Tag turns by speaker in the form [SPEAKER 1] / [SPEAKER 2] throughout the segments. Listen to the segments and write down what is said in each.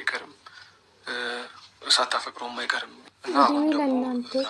[SPEAKER 1] አይቀርም፣ ሳታፈቅረውም አይቀርም
[SPEAKER 2] እና አሁን ድሮም የነበረ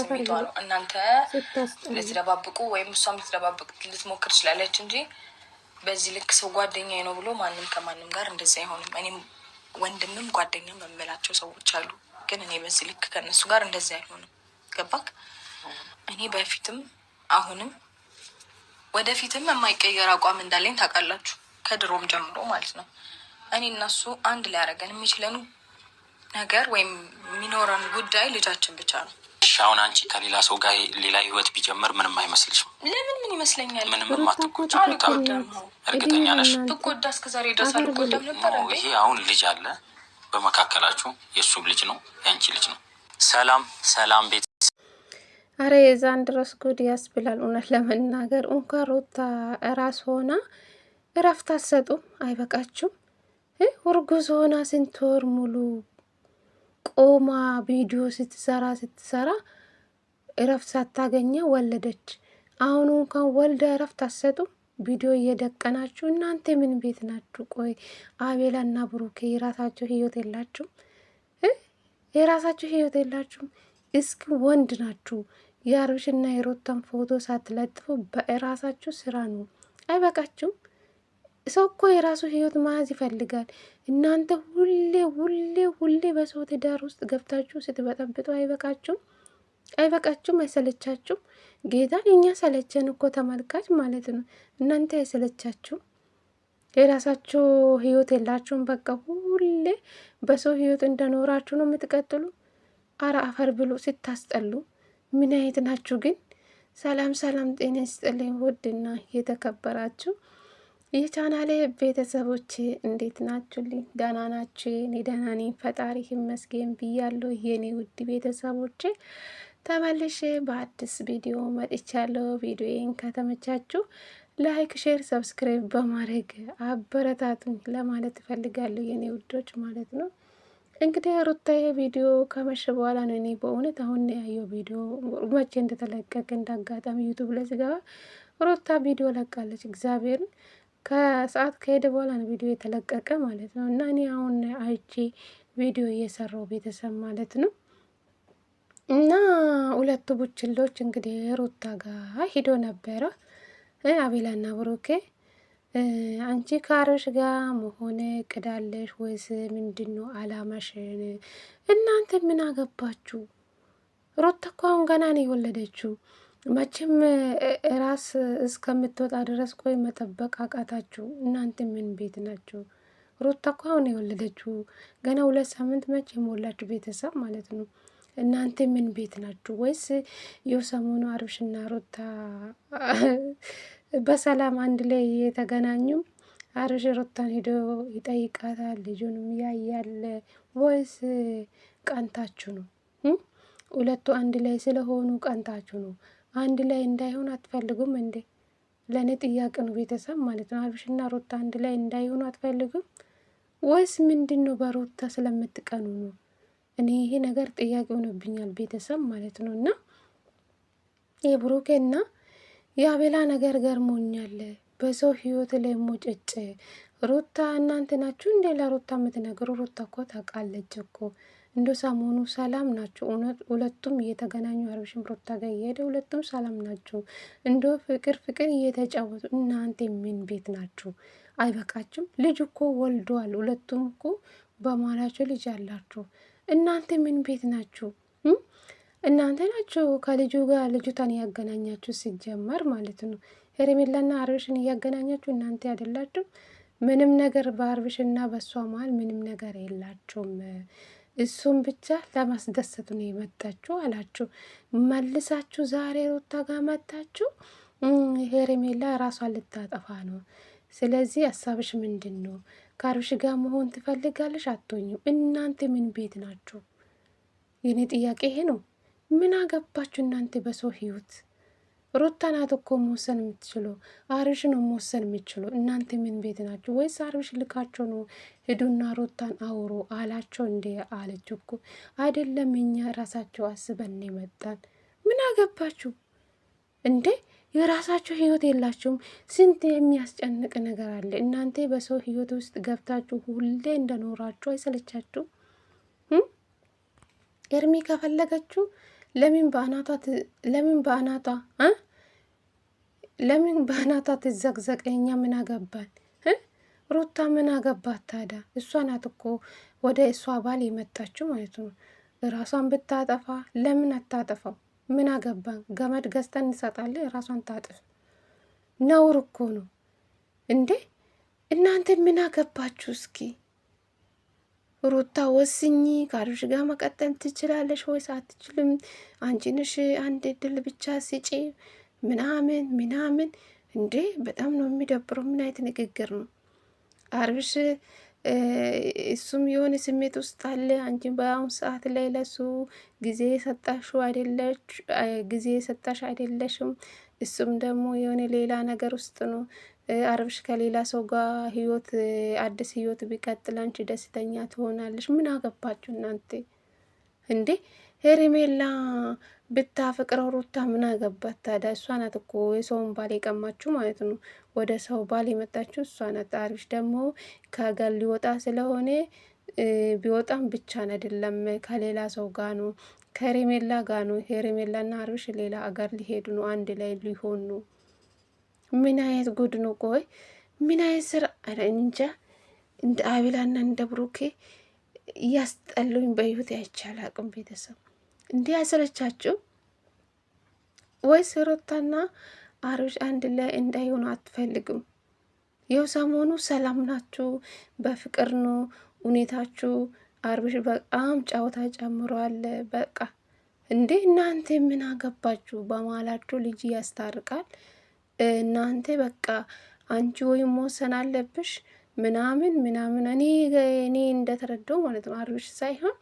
[SPEAKER 3] ስሜቷ ነው። እናንተ ልትደባብቁ ወይም እሷም ልትደባብቅ ልትሞክር ትችላለች እንጂ በዚህ ልክ ሰው ጓደኛዬ ነው ብሎ ማንም ከማንም ጋር እንደዚ አይሆንም። እኔም ወንድምም ጓደኛም የምላቸው ሰዎች አሉ፣ ግን እኔ በዚህ ልክ ከእነሱ ጋር እንደዚ አይሆንም። ገባክ? እኔ በፊትም አሁንም ወደፊትም የማይቀየር አቋም እንዳለኝ ታውቃላችሁ፣ ከድሮም ጀምሮ ማለት ነው። እኔ እነሱ አንድ ሊያደርገን የሚችለን ነገር ወይም የሚኖረን ጉዳይ ልጃችን ብቻ ነው።
[SPEAKER 4] አሁን አንቺ ከሌላ ሰው ጋር ሌላ ህይወት ቢጀምር ምንም አይመስልሽም?
[SPEAKER 3] ለምን ምን ይመስለኛል?
[SPEAKER 4] ምንም እርግጠኛ ነሽ?
[SPEAKER 3] ብጎዳ እስከዛሬ ድረስ አልጎዳም ነበር።
[SPEAKER 4] ይሄ አሁን ልጅ አለ በመካከላችሁ፣ የእሱም ልጅ ነው የአንቺ ልጅ ነው። ሰላም ሰላም ቤት
[SPEAKER 2] አረ የዛን ድረስ ጉድ ያስብላል። እውነት ለመናገር እንኳ ሩታ ራስ ሆና እረፍት አትሰጡም። አይበቃችሁም? እርጉዝ ሆና ስንት ወር ሙሉ ቆማ ቪዲዮ ስትሰራ ስትሰራ እረፍት ሳታገኘ ወለደች። አሁኑ እንኳን ወልዳ እረፍት አትሰጡም። ቪዲዮ እየደቀናችሁ እናንተ ምን ቤት ናችሁ? ቆይ አቤላና ብሩኬ የራሳቸው ህይወት የላችሁም? የራሳቸው ህይወት የላችሁም? እስኪ ወንድ ናችሁ የአብርሽና የሩታን ፎቶ ሳትለጥፉ በራሳችሁ ስራ ነው። አይበቃችሁም? ሰው እኮ የራሱ ህይወት መያዝ ይፈልጋል። እናንተ ሁሌ ሁሌ ሁሌ በሰው ትዳር ውስጥ ገብታችሁ ስትበጠብጡ አይበቃችሁም? አይበቃችሁም? አይሰለቻችሁም? ጌታ እኛ ሰለቸን እኮ ተመልካች ማለት ነው። እናንተ አይሰለቻችሁም? የራሳችሁ ህይወት የላችሁም? በቃ ሁሌ በሰው ህይወት እንደኖራችሁ ነው የምትቀጥሉ። አረ አፈር ብሉ ስታስጠሉ ምን አይነት ናችሁ ግን? ሰላም ሰላም፣ ጤና ይስጥልኝ ውድና የተከበራችሁ የቻናሌ ቤተሰቦች እንዴት ናችሁልኝ? ደህና ናችሁ? እኔ ደህና ነኝ፣ ፈጣሪ ይመስገን ብያለሁ። የኔ ውድ ቤተሰቦቼ ተመልሼ በአዲስ ቪዲዮ መጥቻለሁ። ቪዲዮዬን ከተመቻችሁ ላይክ፣ ሼር፣ ሰብስክራይብ በማድረግ አበረታቱኝ ለማለት እፈልጋለሁ የኔ ውዶች ማለት ነው። እንግዲህ ሩታ ቪዲዮ ከመሸ በኋላ ነው። እኔ በእውነት አሁን ያየው ቪዲዮ መቼ እንደተለቀቀ እንዳጋጣሚ ዩቱብ ላይ ስገባ ሩታ ቪዲዮ ለቃለች። እግዚአብሔርን ከሰዓት ከሄደ በኋላ ነው ቪዲዮ የተለቀቀ ማለት ነው። እና እኔ አሁን አይቼ ቪዲዮ እየሰራው ቤተሰብ ማለት ነው እና ሁለቱ ቡችሎች እንግዲህ ሩታ ጋር ሂዶ ነበረ አቤላና ብሩኬ አንቺ ከአብርሽ ጋር መሆን ቅዳለሽ ወይስ ምንድን ነው አላማሽን? እናንተ ምን አገባችሁ? ሩታ እኮ አሁን ገና ነው የወለደችው። መቼም ራስ እስከምትወጣ ድረስ ቆይ መጠበቅ አቃታችሁ። እናንተ ምን ቤት ናችሁ? ሩታ እኮ አሁን የወለደችው ገና ሁለት ሳምንት መቼ የሞላችሁ ቤተሰብ ማለት ነው። እናንተ ምን ቤት ናችሁ? ወይስ የሰሞኑ አብርሽና ሩታ በሰላም አንድ ላይ እየተገናኙም አብርሽ ሩታን ሄዶ ይጠይቃታል። ልጁንም ያያል ወይስ ቀንታችሁ ነው? ሁለቱ አንድ ላይ ስለሆኑ ቀንታችሁ ነው? አንድ ላይ እንዳይሆን አትፈልጉም እንዴ? ለእኔ ጥያቄ ነው፣ ቤተሰብ ማለት ነው። አብርሽና ሩታ አንድ ላይ እንዳይሆኑ አትፈልጉም ወይስ ምንድን ነው? በሩታ ስለምትቀኑ ነው? እኔ ይሄ ነገር ጥያቄ ሆኖብኛል፣ ቤተሰብ ማለት ነው እና የብሩኬና የአቤላ ነገር ገርሞኛል። በሰው ህይወት ላይ ሞጨጭ ሩታ እናንተ ናችሁ እንዴ? ለሩታ የምትነግሩ? ሩታ እኮ ታውቃለች እኮ እንደ ሰሞኑ ሰላም ናቸው። ሁለቱም እየተገናኙ አብርሽም ሩታ ጋር እየሄደ ሁለቱም ሰላም ናቸው። እንደ ፍቅር ፍቅር እየተጫወቱ እናንተ ምን ቤት ናችሁ? አይበቃችም? ልጅ እኮ ወልደዋል። ሁለቱም እኮ በማላቸው ልጅ አላችሁ። እናንተ ምን ቤት ናችሁ? እናንተ ናችሁ ከልጁ ጋር ልጅቷን እያገናኛችሁ ሲጀመር ማለት ነው። ሄርሜላና አብርሽን እያገናኛችሁ እናንተ ያደላችሁ ምንም ነገር በአብርሽና በእሷ መሀል ምንም ነገር የላችሁም። እሱም ብቻ ለማስደሰት ነው የመጣችሁ አላችሁ። መልሳችሁ ዛሬ ሩታ ጋር መጣችሁ። ሄርሜላ ራሷን ልታጠፋ ነው። ስለዚህ ሀሳብሽ ምንድን ነው? ከአብርሽ ጋር መሆን ትፈልጋለሽ? አትሆኝም። እናንተ ምን ቤት ናችሁ? የኔ ጥያቄ ይሄ ነው። ምን አገባችሁ እናንተ በሰው ህይወት? ሩታ ናት እኮ መወሰን የምትችለው፣ አብርሽ ነው መወሰን የምትችለው። እናንተ ምን ቤት ናችሁ? ወይስ አብርሽ ልካቸው ነው? ሂዱና ሩታን አውሮ አላቸው። እንደ አለች እኮ አይደለም፣ እኛ ራሳቸው አስበን ይመጣል። ምን አገባችሁ እንዴ? የራሳቸው ህይወት የላቸውም? ስንት የሚያስጨንቅ ነገር አለ። እናንተ በሰው ህይወት ውስጥ ገብታችሁ ሁሌ እንደኖራችሁ አይሰለቻችሁ? ኤርሚ ከፈለገችው ለምን በአናታ ለምን በአናታ ትዘቅዘቅ? እኛ ምን አገባን? ሩታ ምን አገባት ታዳ? እሷ ናት እኮ ወደ እሷ ባል የመጣችው ማለት ነው። ራሷን ብታጠፋ ለምን አታጠፋው? ምን አገባን? ገመድ ገዝተን እንሰጣለን። ራሷን ታጥፍ። ነውር እኮ ነው እንዴ! እናንተ ምን አገባችሁ እስኪ? ሩታ ወስኝ ከአብርሽ ጋር መቀጠል ትችላለሽ ወይስ አትችልም? አንቺንሽ አንድ ድል ብቻ ስጪ ምናምን ምናምን። እንዴ በጣም ነው የሚደብረው። ምን አይነት ንግግር ነው? አብርሽ እሱም የሆነ ስሜት ውስጥ አለ። አንቺ በአሁን ሰዓት ላይ ለሱ ጊዜ ሰጣሽ አይደለች ጊዜ ሰጣሽ አይደለሽም። እሱም ደግሞ የሆነ ሌላ ነገር ውስጥ ነው። አርብሽ ከሌላ ሰው ጋር ህይወት አዲስ ህይወት ቢቀጥል አንቺ ደስተኛ ትሆናለች ምን አገባችሁ እናንተ እንዴ? ሄሪሜላ ብታፈቅረው ሩታ ምን አገባት ታዲያ? እሷ ናት እኮ የሰውን ባል የቀማችሁ ማለት ነው። ወደ ሰው ባል የመጣችሁ እሷ ናት። አርብሽ ደግሞ ከገል ሊወጣ ስለሆነ ቢወጣም ብቻን አይደለም ከሌላ ሰው ጋር ነው፣ ከሄርሜላ ጋር ነው። ሄርሜላና አርብሽ ሌላ አገር ሊሄዱ ነው፣ አንድ ላይ ነው። ምን አይነት ጉድ ነው? ቆይ ምን አይነት ስራ? ኧረ እንጃ እንደ አቤላና እንደ ብሩኬ እያስጠሉኝ በይሁት ያይቻል አቅም ቤተሰብ እንዲህ ያሰለቻችሁ ወይስ ሮታና አብርሽ አንድ ላይ እንዳይሆኑ አትፈልግም? ይኸው ሰሞኑ ሰላም ናችሁ፣ በፍቅር ነው ሁኔታችሁ። አብርሽ በጣም ጨዋታ ጨምሯል። በቃ እንዴ እናንተ ምን አገባችሁ? በማላችሁ ልጅ ያስታርቃል እናንተ በቃ አንቺ ወይ መወሰን አለብሽ ምናምን ምናምን እኔ እኔ እንደተረዳው ማለት ነው አብርሽ ሳይሆን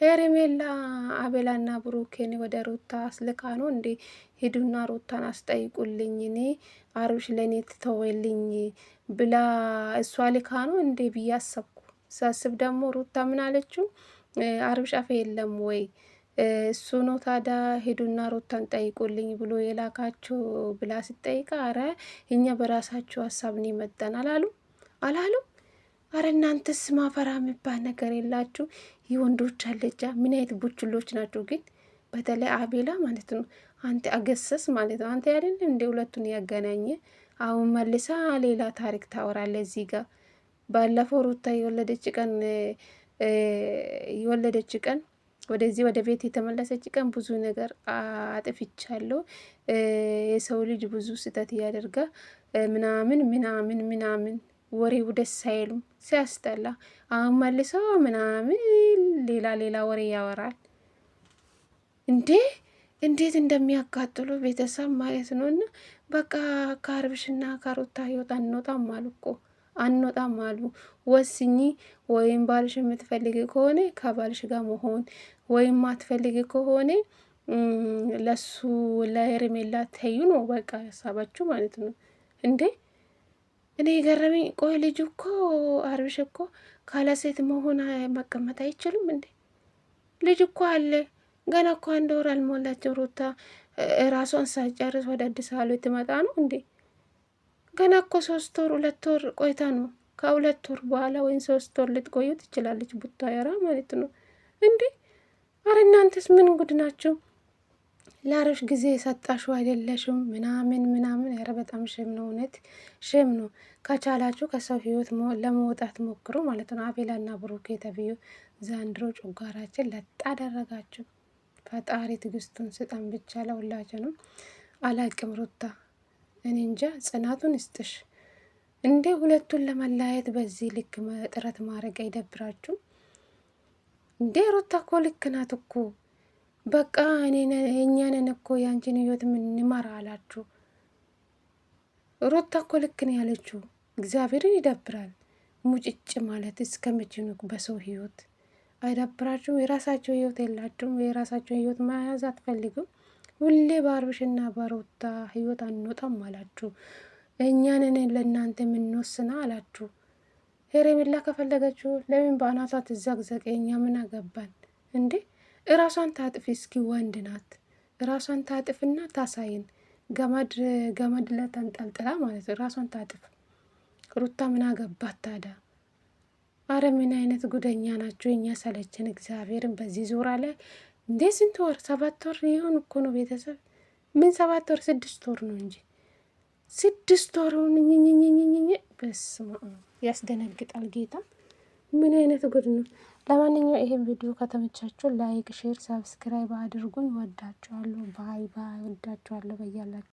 [SPEAKER 2] ሄርሜላ አቤላና ብሩኬን ወደ ሩታ አስልካ ነው እንዴ? ሂዱና ሩታን አስጠይቁልኝ እኔ አብርሽ ለእኔ ትተወልኝ ብላ እሷ ልካ ነው እንዴ ብዬ አሰብኩ። ሳስብ ደግሞ ሩታ ምን አለችው? አብርሽ አፈ የለም ወይ እሱ ነው ታዳ ሄዱና ሩታን ጠይቁልኝ ብሎ የላካቸው ብላ ስጠይቃ፣ አረ እኛ በራሳቸው ሀሳብ ነው አላሉ አላሉ። አረ እናንተስ ማፈራ የሚባል ነገር የላችሁ። የወንዶች አለጃ ምን አይነት ቡችሎች ናቸው ግን በተለይ አቤላ ማለት ነው። አንተ አገሰስ ማለት ነው። አንተ ያደን እንደ ሁለቱን ያገናኘ አሁን መልሳ ሌላ ታሪክ ታወራለ። እዚህ ጋር ባለፈው ሩታ የወለደች ቀን የወለደች ቀን ወደዚህ ወደ ቤት የተመለሰች ቀን ብዙ ነገር አጥፍቻለሁ፣ የሰው ልጅ ብዙ ስህተት እያደርገ ምናምን ምናምን ምናምን ወሬው ደስ አይልም፣ ሲያስጠላ። አሁን መልሰው ምናምን ሌላ ሌላ ወሬ ያወራል እንዴ! እንዴት እንደሚያቃጥሉ ቤተሰብ ማለት ነው። እና በቃ ከአብርሽና ከሩታ ህይወት አንወጣም አሉ እኮ አንወጣም አሉ። ወስኚ ወይም ባልሽ የምትፈልግ ከሆነ ከባልሽ ጋር መሆን ወይም ማትፈልግ ከሆነ ለሱ ለሄርሜላ ተዩ ነው በቃ ሀሳባችሁ ማለት ነው እንዴ? እኔ የገረመኝ ቆይ ልጅ እኮ አብርሽ እኮ ካለ ሴት መሆን መቀመጥ አይችልም እንዴ? ልጅ እኮ አለ ገና እኮ አንድ ወር አልሞላቸው ሩታ ራሷን ሳጨርስ ወደ አዲስ አበባ ትመጣ ነው እንዴ? ገና እኮ ሶስት ወር ሁለት ወር ቆይታ ነው። ከሁለት ወር በኋላ ወይም ሶስት ወር ልትቆዩ ትችላለች። ቡታ ያራ ማለት ነው እንዴ? አረ እናንተስ ምን ጉድ ናችሁ? ለአረሽ ጊዜ የሰጣሽው አይደለሽም ምናምን ምናምን። ያረ በጣም ሽም ነው፣ እውነት ሽም ነው። ከቻላችሁ ከሰው ህይወት ለመውጣት ሞክሩ ማለት ነው። አቤላና ብሩክ ተብዩ ዘንድሮ ጮጋራችን ለጣ አደረጋችሁ። ፈጣሪ ትግስቱን ስጠን ብቻ ለሁላችንም። አላቅም ሩታ፣ እኔ እንጃ ጽናቱን ይስጥሽ እንዴ። ሁለቱን ለመለያየት በዚህ ልክ ጥረት ማድረግ አይደብራችሁ? እንዴ ሩታ እኮ ልክ ናት እኮ በቃ እኛንን እኮ የአንቺን ህይወት ምንመራ አላችሁ። ሩታ እኮ ልክ ነው ያለችው። እግዚአብሔርን ይደብራል ሙጭጭ ማለት እስከምችኑ በሰው ህይወት አይደብራችሁ? የራሳቸው ህይወት የላችሁም? የራሳቸው ህይወት መያዝ አትፈልግም? ሁሌ በአብርሽና በሩታ ህይወት አንወጣም አላችሁ። እኛንን ለእናንተ የምንወስና አላችሁ። የሚላ ከፈለገችው ለምን በአናቷ ትዘግዘቅ? የኛ ምን አገባን እንዴ? እራሷን ታጥፊ እስኪ። ወንድ ናት። እራሷን ታጥፍና ታሳይን። ገመድ ለተንጠልጥላ ማለት እራሷን ታጥፍ። ሩታ ምን አገባት ታዳ? አረ ምን አይነት ጉደኛ ናቸው። እኛ ሰለችን። እግዚአብሔርን በዚህ ዙራ ላይ እንዴ ስንት ወር? ሰባት ወር ይሆን እኮ ነው ቤተሰብ። ምን ሰባት ወር? ስድስት ወር ነው እንጂ ስድስት ወር ሆን በስማ ያስደነግጣል ጌታ ምን አይነት ጉድ ነው? ለማንኛው ይሄን ቪዲዮ ከተመቻችሁ ላይክ፣ ሼር፣ ሰብስክራይብ አድርጉኝ። ወዳችኋለሁ። ባይ ባይ። ወዳችኋለሁ በያላችሁ